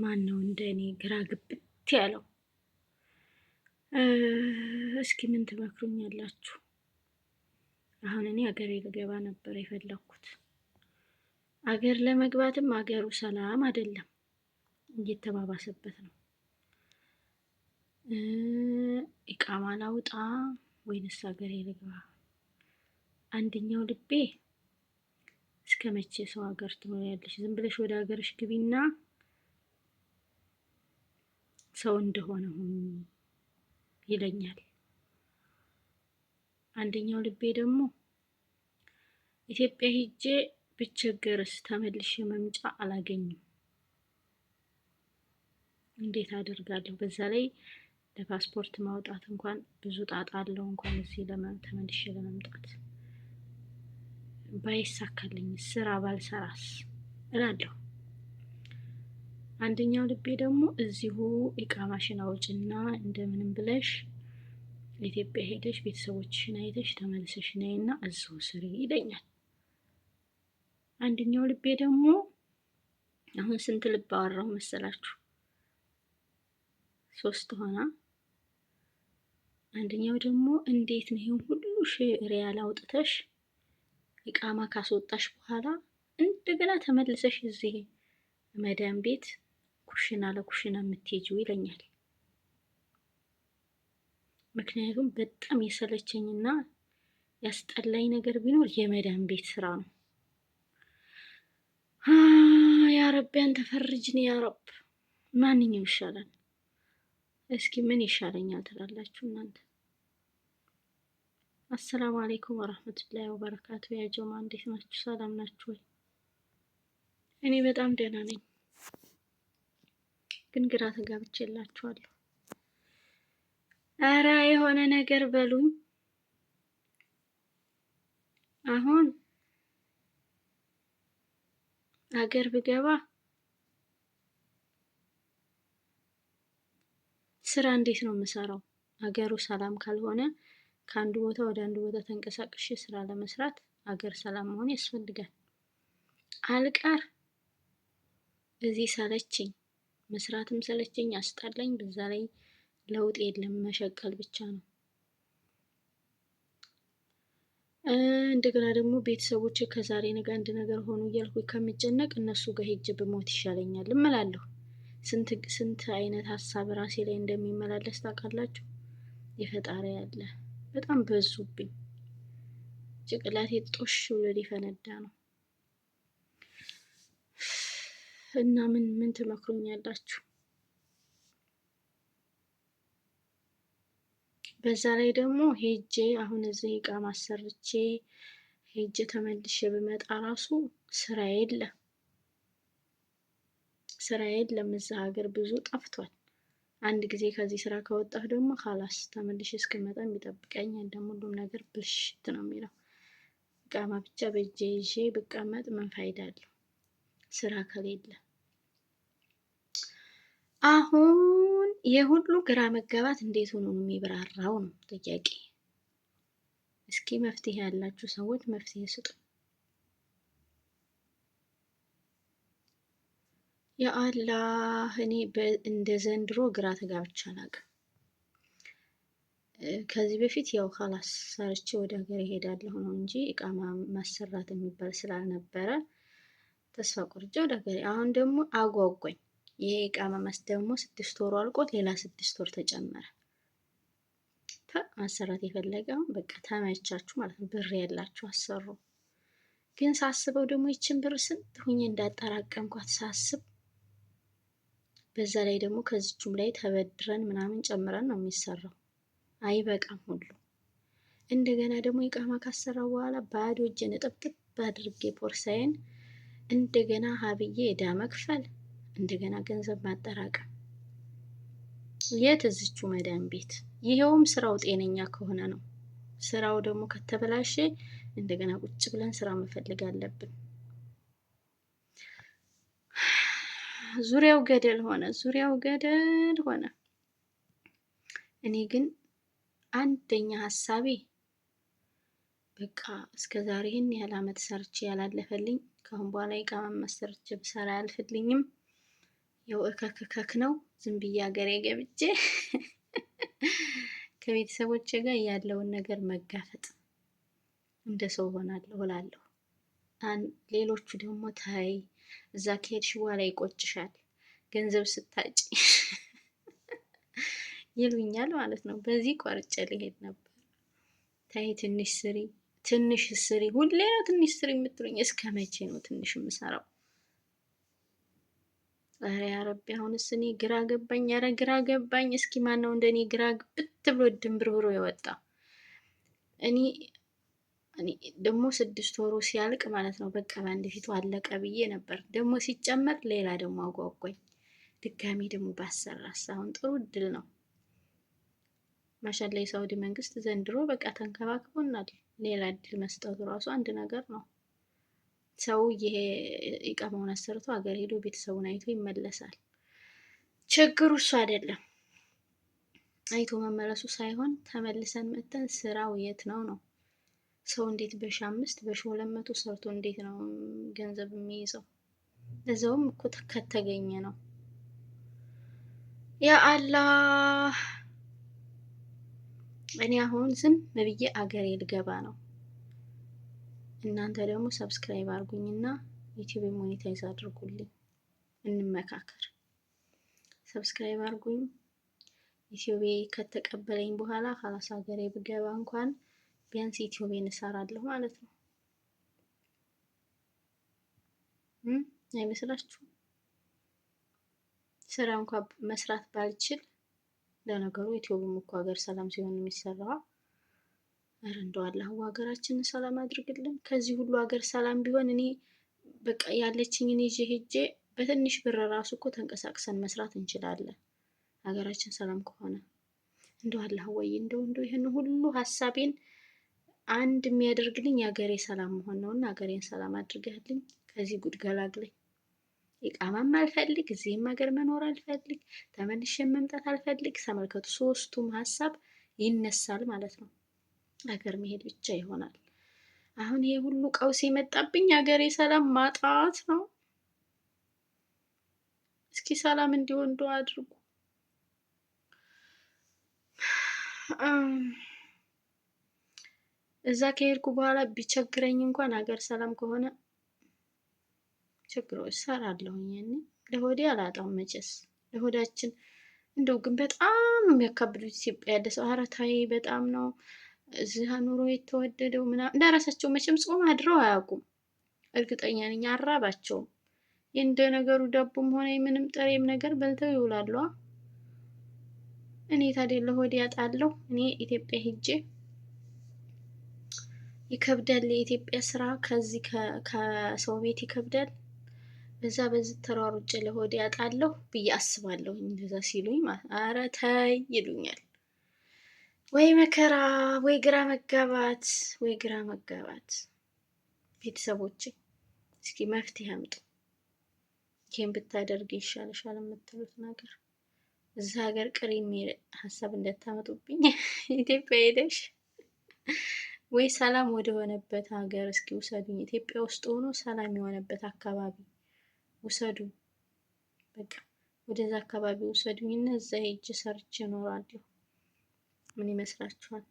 ማን ነው እንደ እኔ ግራ ግብት ያለው? እስኪ ምን ትመክሩኛላችሁ? አሁን እኔ አገሬ ልገባ ነበር የፈለግኩት። አገር ለመግባትም አገሩ ሰላም አይደለም፣ እየተባባሰበት ነው። ኢቃማ ላውጣ ወይንስ አገሬ ልግባ? አንደኛው ልቤ እስከ መቼ ሰው ሀገር ትኖሪያለሽ? ዝም ብለሽ ወደ ሀገርሽ ግቢና ሰው እንደሆነ ሁኑ ይለኛል። አንደኛው ልቤ ደግሞ ኢትዮጵያ ሂጄ ብቸገርስ ተመልሼ መምጫ አላገኝም፣ እንዴት አደርጋለሁ? በዛ ላይ ለፓስፖርት ማውጣት እንኳን ብዙ ጣጣ አለው። እንኳን እዚህ ተመልሼ ለመምጣት ባይሳካልኝ ስራ ባልሰራስ እላለሁ። አንደኛው ልቤ ደግሞ እዚሁ ኢቃማሽን አውጭና እንደምንም ብለሽ ኢትዮጵያ ሄደሽ ቤተሰቦችሽን አይተሽ ተመልሰሽ ነይና እዚሁ ስሪ ይለኛል። አንደኛው ልቤ ደግሞ አሁን ስንት ልብ አወራው መሰላችሁ? ሶስት ሆና። አንደኛው ደግሞ እንዴት ነው ይሄን ሁሉ ሺህ ሪያል አውጥተሽ ኢቃማ ካስወጣሽ በኋላ እንደገና ተመልሰሽ እዚህ መዳን ቤት ኩሽና ለኩሽና የምትሄጂው ይለኛል። ምክንያቱም በጣም የሰለቸኝና ያስጠላኝ ነገር ቢኖር የመዳን ቤት ስራ ነው። ያረቢያን ተፈርጅን ያረብ ማንኛው ይሻላል? እስኪ ምን ይሻለኛል ትላላችሁ እናንተ? አሰላሙ አሌይኩም ወራህመቱላሂ ወበረካቱ። ያጀማ እንዴት ናችሁ? ሰላም ናችሁ ወይ? እኔ በጣም ደህና ነኝ። ግን ግራ ተጋብቼ የላችኋለሁ። እረ የሆነ ነገር በሉኝ። አሁን አገር ብገባ ስራ እንዴት ነው የምሰራው? አገሩ ሰላም ካልሆነ ከአንዱ ቦታ ወደ አንዱ ቦታ ተንቀሳቅሼ ስራ ለመስራት አገር ሰላም መሆን ያስፈልጋል። አልቀር እዚህ ሰለችኝ መስራትም ሰለቸኝ አስጠላኝ። በዛ ላይ ለውጥ የለም መሸቀል ብቻ ነው። እንደገና ደግሞ ቤተሰቦች ከዛሬ ነገ አንድ ነገር ሆኑ እያልኩ ከምጨነቅ እነሱ ጋር ሄጅ ብሞት ይሻለኛል እምላለሁ። ስንት አይነት ሀሳብ ራሴ ላይ እንደሚመላለስ ታውቃላችሁ? የፈጣሪ ያለ በጣም በዙብኝ። ጭቅላቴ ጦሽ ብሎ ሊፈነዳ ነው። እና ምን ምን ትመክሩኛላችሁ? በዛ ላይ ደግሞ ሄጄ አሁን እዚህ እቃ ማሰርቼ ሄጄ ተመልሼ ብመጣ ራሱ ስራ የለም፣ ስራ የለም። እዛ ሀገር ብዙ ጠፍቷል። አንድ ጊዜ ከዚህ ስራ ከወጣሁ ደግሞ ካላስ ተመልሼ እስክመጣ የሚጠብቀኝ ደግሞ ሁሉም ነገር ብልሽት ነው የሚለው። እቃማ ብቻ በእጄ ይዤ ብቀመጥ ምን ፋይዳ አለው? ስራ ከሌለ አሁን የሁሉ ግራ መጋባት እንዴት ሆኖ ነው የሚብራራው? ነው ጥያቄ። እስኪ መፍትሄ ያላችሁ ሰዎች መፍትሄ ስጡ። የአላህ እኔ እንደ ዘንድሮ ግራ ተጋብቼ አላውቅም። ከዚህ በፊት ያው ካላስ ሰርቼ ወደ ሀገር ይሄዳለሁ ነው እንጂ እቃ ማሰራት የሚባል ስላልነበረ ተስፋ ቆርጬ ወደ ሀገሬ አሁን ደግሞ አጓጓኝ። ይሄ እቃ መመስ ደግሞ ስድስት ወሩ አልቆት ሌላ ስድስት ወር ተጨመረ። ማሰራት የፈለገው በቃ ተመቻችሁ ማለት ነው። ብር ያላችሁ አሰሩ። ግን ሳስበው ደግሞ ይችን ብር ስንት ሁኜ እንዳጠራቀምኳት ሳስብ፣ በዛ ላይ ደግሞ ከዚችም ላይ ተበድረን ምናምን ጨምረን ነው የሚሰራው። አይበቃም ሁሉ እንደገና ደግሞ ይቃማ ካሰራው በኋላ ባዶ እጄን እጥብጥብ አድርጌ ቦርሳዬን እንደገና ሀብዬ ዕዳ መክፈል፣ እንደገና ገንዘብ ማጠራቀም የት እዝቹ መዳን ቤት። ይኸውም ስራው ጤነኛ ከሆነ ነው። ስራው ደግሞ ከተበላሸ እንደገና ቁጭ ብለን ስራ መፈለግ አለብን። ዙሪያው ገደል ሆነ፣ ዙሪያው ገደል ሆነ። እኔ ግን አንደኛ ሀሳቤ በቃ እስከ ዛሬ ይህን ያህል አመት ሰርቼ ያላለፈልኝ ከአሁን በኋላ የቃመመስ ሰርቼ ብሰራ አያልፍልኝም። ያው እከክ እከክ ነው። ዝም ብዬ ሀገሬ ገብቼ ከቤተሰቦቼ ጋር ያለውን ነገር መጋፈጥ እንደ ሰው ሆናለሁ እላለሁ። ሌሎቹ ደግሞ ታይ እዛ ከሄድሽ በኋላ ይቆጭሻል፣ ገንዘብ ስታጭ ይሉኛል ማለት ነው። በዚህ ቆርጬ ልሄድ ነበር። ታይ ትንሽ ስሪ ትንሽ ስሪ፣ ሁሌ ነው ትንሽ ስሪ የምትሉኝ። እስከ መቼ ነው ትንሽ የምሰራው? ኧረ ያረቢ፣ አሁንስ እኔ ግራ ገባኝ። ኧረ ግራ ገባኝ። እስኪ ማን ነው እንደኔ ግራ ግብት ብሎ ድንብርብሮ የወጣ? እኔ እኔ ደግሞ ስድስት ወሩ ሲያልቅ ማለት ነው በቃ በአንድ ፊቱ አለቀ ብዬ ነበር። ደግሞ ሲጨመር ሌላ ደግሞ አጓጓኝ። ድጋሚ ደግሞ ባሰራስ አሁን ጥሩ እድል ነው። ማሻላ የሳውዲ መንግስት ዘንድሮ በቃ ተንከባክቦናል። ሌላ እድል መስጠቱ ራሱ አንድ ነገር ነው። ሰው ይሄ ኢቃማውን አሰርቶ ሀገር ሄዶ ቤተሰቡን አይቶ ይመለሳል። ችግሩ እሱ አይደለም፣ አይቶ መመለሱ ሳይሆን ተመልሰን መጥተን ስራው የት ነው ነው። ሰው እንዴት በሺ አምስት በሺ ሁለት መቶ ሰርቶ እንዴት ነው ገንዘብ የሚይዘው? እዛውም እኮ ከተገኘ ነው ያ አላህ እኔ አሁን ዝም በብዬ አገሬ ልገባ ነው። እናንተ ደግሞ ሰብስክራይብ አድርጉኝና ዩቲዩብ ሞኔታይዝ አድርጉልኝ፣ እንመካከር። ሰብስክራይብ አድርጉኝ። ኢትዮጵ ከተቀበለኝ በኋላ ከራስ ሀገሬ ብገባ እንኳን ቢያንስ ኢትዮጵን እንሰራለሁ ማለት ነው። አይመስላችሁም? ስራ እንኳ መስራት ባልችል ለነገሩ ኢትዮጵያም እኮ ሀገር ሰላም ሲሆን የሚሰራ ኧረ እንደው አላህ ሀገራችንን ሰላም አድርግልን። ከዚህ ሁሉ ሀገር ሰላም ቢሆን እኔ በቃ ያለችኝን ይዤ ሄጄ በትንሽ ብር ራሱ እኮ ተንቀሳቅሰን መስራት እንችላለን። ሀገራችን ሰላም ከሆነ እንደው አላህ ወይ እንደው እንደው ይህን ሁሉ ሀሳቤን አንድ የሚያደርግልኝ የሀገሬ ሰላም መሆን ነው እና ሀገሬን ሰላም አድርገህልኝ ከዚህ ጉድ ገላግለኝ። ኢቃማም አልፈልግ፣ እዚህም ሀገር መኖር አልፈልግ፣ ተመልሼ መምጣት አልፈልግ። ተመልከቱ፣ ሶስቱም ሀሳብ ይነሳል ማለት ነው። ሀገር መሄድ ብቻ ይሆናል። አሁን ይሄ ሁሉ ቀውስ የመጣብኝ ሀገር የሰላም ማጣት ነው። እስኪ ሰላም እንዲሆን ዶ አድርጉ። እዛ ከሄድኩ በኋላ ቢቸግረኝ እንኳን ሀገር ሰላም ከሆነ ችግሮች ሰራለሁኝ። እኔ ለሆዴ አላጣም መቼስ ለሆዳችን እንደው ግን በጣም የሚያካብዱት ኢትዮጵያ ያለ ሰው አረታይ በጣም ነው እዚህ ኑሮ የተወደደው ምናምን እንዳራሳቸው መቼም ጾም አድረው አያውቁም። እርግጠኛ ነኝ አራባቸውም። እንደ ነገሩ ዳቦም ሆነ ምንም ጥሬም ነገር በልተው ይውላሉ። እኔ ታዲያ ለሆዴ ያጣለሁ። እኔ ኢትዮጵያ ሄጄ ይከብዳል። የኢትዮጵያ ስራ ከዚህ ከሰው ቤት ይከብዳል። በዛ በዚህ ተሯሩጬ ለሆድ ያጣለሁ ብዬ አስባለሁ። እንደዛ ሲሉኝ አረ ተይ ይሉኛል። ወይ መከራ፣ ወይ ግራ መጋባት፣ ወይ ግራ መጋባት። ቤተሰቦቼ እስኪ መፍትሄ አምጡ። ይህን ብታደርግ ይሻልሻል የምትሉት ነገር እዛ ሀገር ቅር የሚል ሀሳብ እንዳታመጡብኝ። ኢትዮጵያ ሄደሽ ወይ ሰላም ወደሆነበት ሀገር እስኪ ውሰዱኝ። ኢትዮጵያ ውስጥ ሆኖ ሰላም የሆነበት አካባቢ ውሰዱ በቃ ወደዛ አካባቢ ውሰዱኝ እና እዛ ሄጄ ሰርቼ እኖራለሁ። ምን ይመስላችኋል?